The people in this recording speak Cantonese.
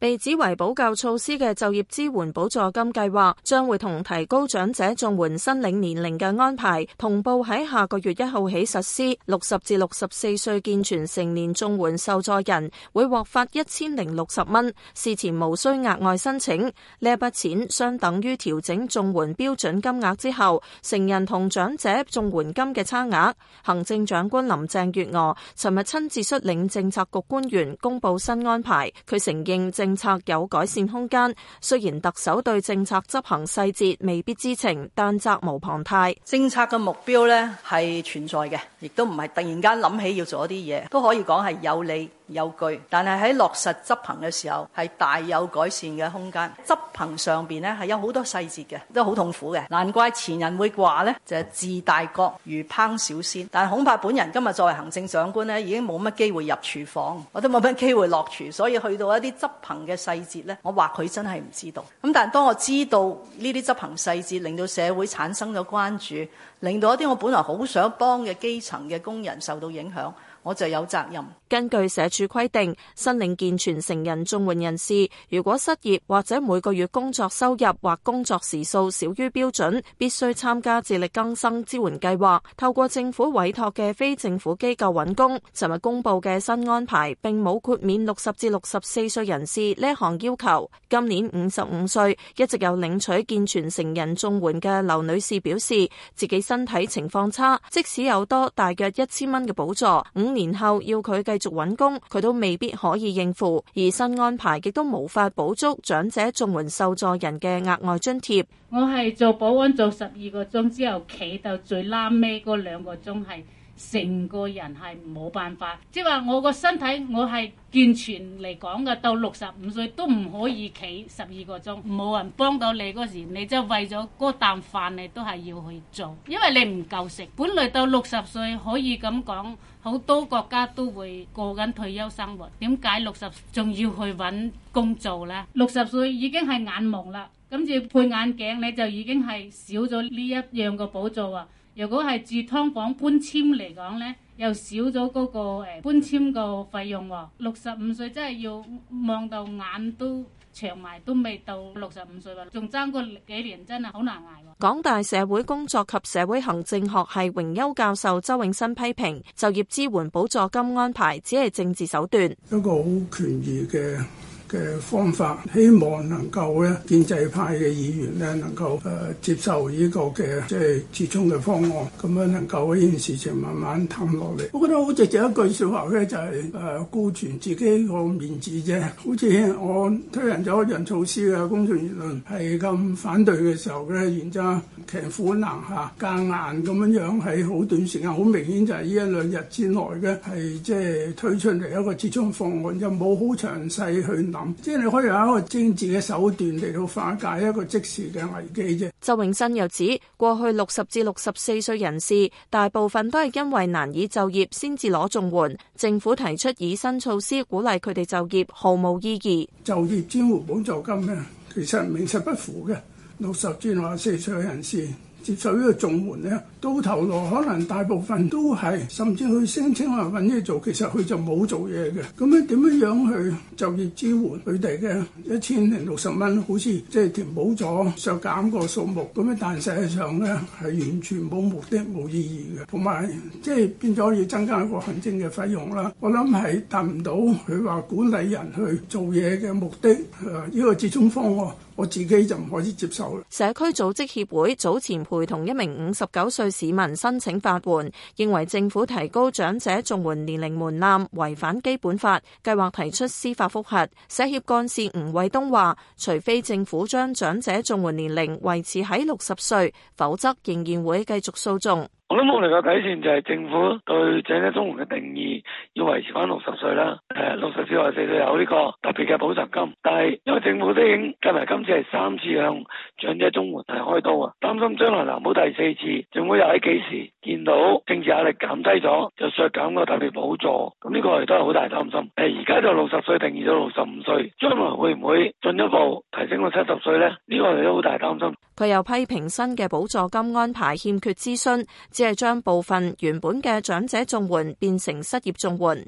被指為補救措施嘅就業支援補助金計劃，將會同提高長者綜援申領年齡嘅安排，同步喺下個月一號起實施。六十至六十四歲健全成年綜援受助人會獲發一千零六十蚊，事前無需額外申請。呢一筆錢相等於調整綜援標準金額之後，成人同長者綜援金嘅差額。行政長官林鄭月娥尋日親自率領政策局官員公布新安排，佢承認政政策有改善空間，雖然特首對政策執行細節未必知情，但責無旁貸。政策嘅目標咧係存在嘅，亦都唔係突然間諗起要做一啲嘢，都可以講係有理有據，但係喺落實執行嘅時候係大有改善嘅空間。執行上面呢，係有好多細節嘅，都好痛苦嘅。難怪前人會話呢，就係、是、治大國如烹小鮮。但恐怕本人今日作為行政長官呢，已經冇乜機會入廚房，我都冇乜機會落廚，所以去到一啲執行嘅細節呢，我話佢真係唔知道。咁但當當我知道呢啲執行細節令到社會產生咗關注，令到一啲我本來好想幫嘅基層嘅工人受到影響。我就有責任。根據社署規定，申領健全成人綜援人士，如果失業或者每個月工作收入或工作時數少於標準，必須參加自力更生支援計劃，透過政府委託嘅非政府機構揾工。尋日公布嘅新安排並冇豁免六十至六十四歲人士呢項要求。今年五十五歲，一直有領取健全成人綜援嘅劉女士表示，自己身體情況差，即使有多大約一千蚊嘅補助，五年後要佢繼續揾工，佢都未必可以應付，而新安排亦都無法補足長者綜援受助人嘅額外津貼。我係做保安做十二個鐘之後，企到最拉尾嗰兩個鐘係。成個人係冇辦法，即係話我個身體我係健全嚟講嘅，到六十五歲都唔可以企十二個鐘，冇人幫到你嗰時，你就為咗嗰啖飯，你都係要去做，因為你唔夠食。本來到六十歲可以咁講，好多國家都會過緊退休生活，點解六十仲要去揾工做呢？六十歲已經係眼盲啦。咁住配眼鏡你就已經係少咗呢一樣嘅補助啊。如果係住劏房搬遷嚟講呢，又少咗嗰個誒，搬遷個費用喎。六十五歲真係要望到眼都長埋，都未到六十五歲喎，仲爭個幾年真係好難捱喎。港大社會工作及社會行政學系榮休教授周永新批評，就業支援補助金安排只係政治手段，一個好權宜嘅。嘅方法，希望能夠咧建制派嘅議員咧能夠誒、呃、接受呢個嘅即係折衷嘅方案，咁樣能夠呢件事情慢慢談落嚟。我覺得好直接一句說話咧，就係誒顧全自己個面子啫。好似我推行咗一樣措施嘅公眾言論係咁反對嘅時候咧，然之後騎虎難下夾硬咁樣樣，係好短時間好明顯就係呢一兩日之內嘅係即係推出嚟一個折衷方案，就冇好詳細去。即係你可以有一個政治嘅手段嚟到化解一個即時嘅危機啫。周永新又指，過去六十至六十四歲人士大部分都係因為難以就業先至攞綜援，政府提出以新措施鼓勵佢哋就業毫無意義。就業支援補助金呢，其實名實不符嘅，六十至六十四歲人士。接受呢個綜援咧，到頭來可能大部分都係，甚至佢聲稱話揾嘢做，其實佢就冇做嘢嘅。咁樣點樣去就業支援佢哋嘅一千零六十蚊，好似即係填補咗削減個數目。咁樣但實際上咧係完全冇目的、冇意義嘅，同埋即係變咗要增加一個行政嘅費用啦。我諗係達唔到佢話管理人去做嘢嘅目的。呢、呃呢個接種方案我自己就唔可以接受啦。社區組織協會早前，陪同一名五十九歲市民申請法援，認為政府提高長者綜援年齡門檻違反基本法，計劃提出司法複核。社協幹事吳衛東話，除非政府將長者綜援年齡維持喺六十歲，否則仍然會繼續訴訟。我諗我哋嘅底線就係政府對長者綜援嘅定義要維持翻六十歲啦，誒六十至六十四歲有呢個特別嘅補助金。但係因為政府都已經近嚟今次係三次向長者綜援係開刀啊，擔心將來難保第四次，政府又喺幾時見到政治壓力減低咗就削減個特別補助？咁呢個亦都係好大擔心。誒而家就六十歲定義咗六十五歲，將來會唔會進一步提升到七十歲咧？呢個亦都好大擔心。佢又批評新嘅補助金安排欠缺諮詢，只係將部分原本嘅長者綜援變成失業綜援。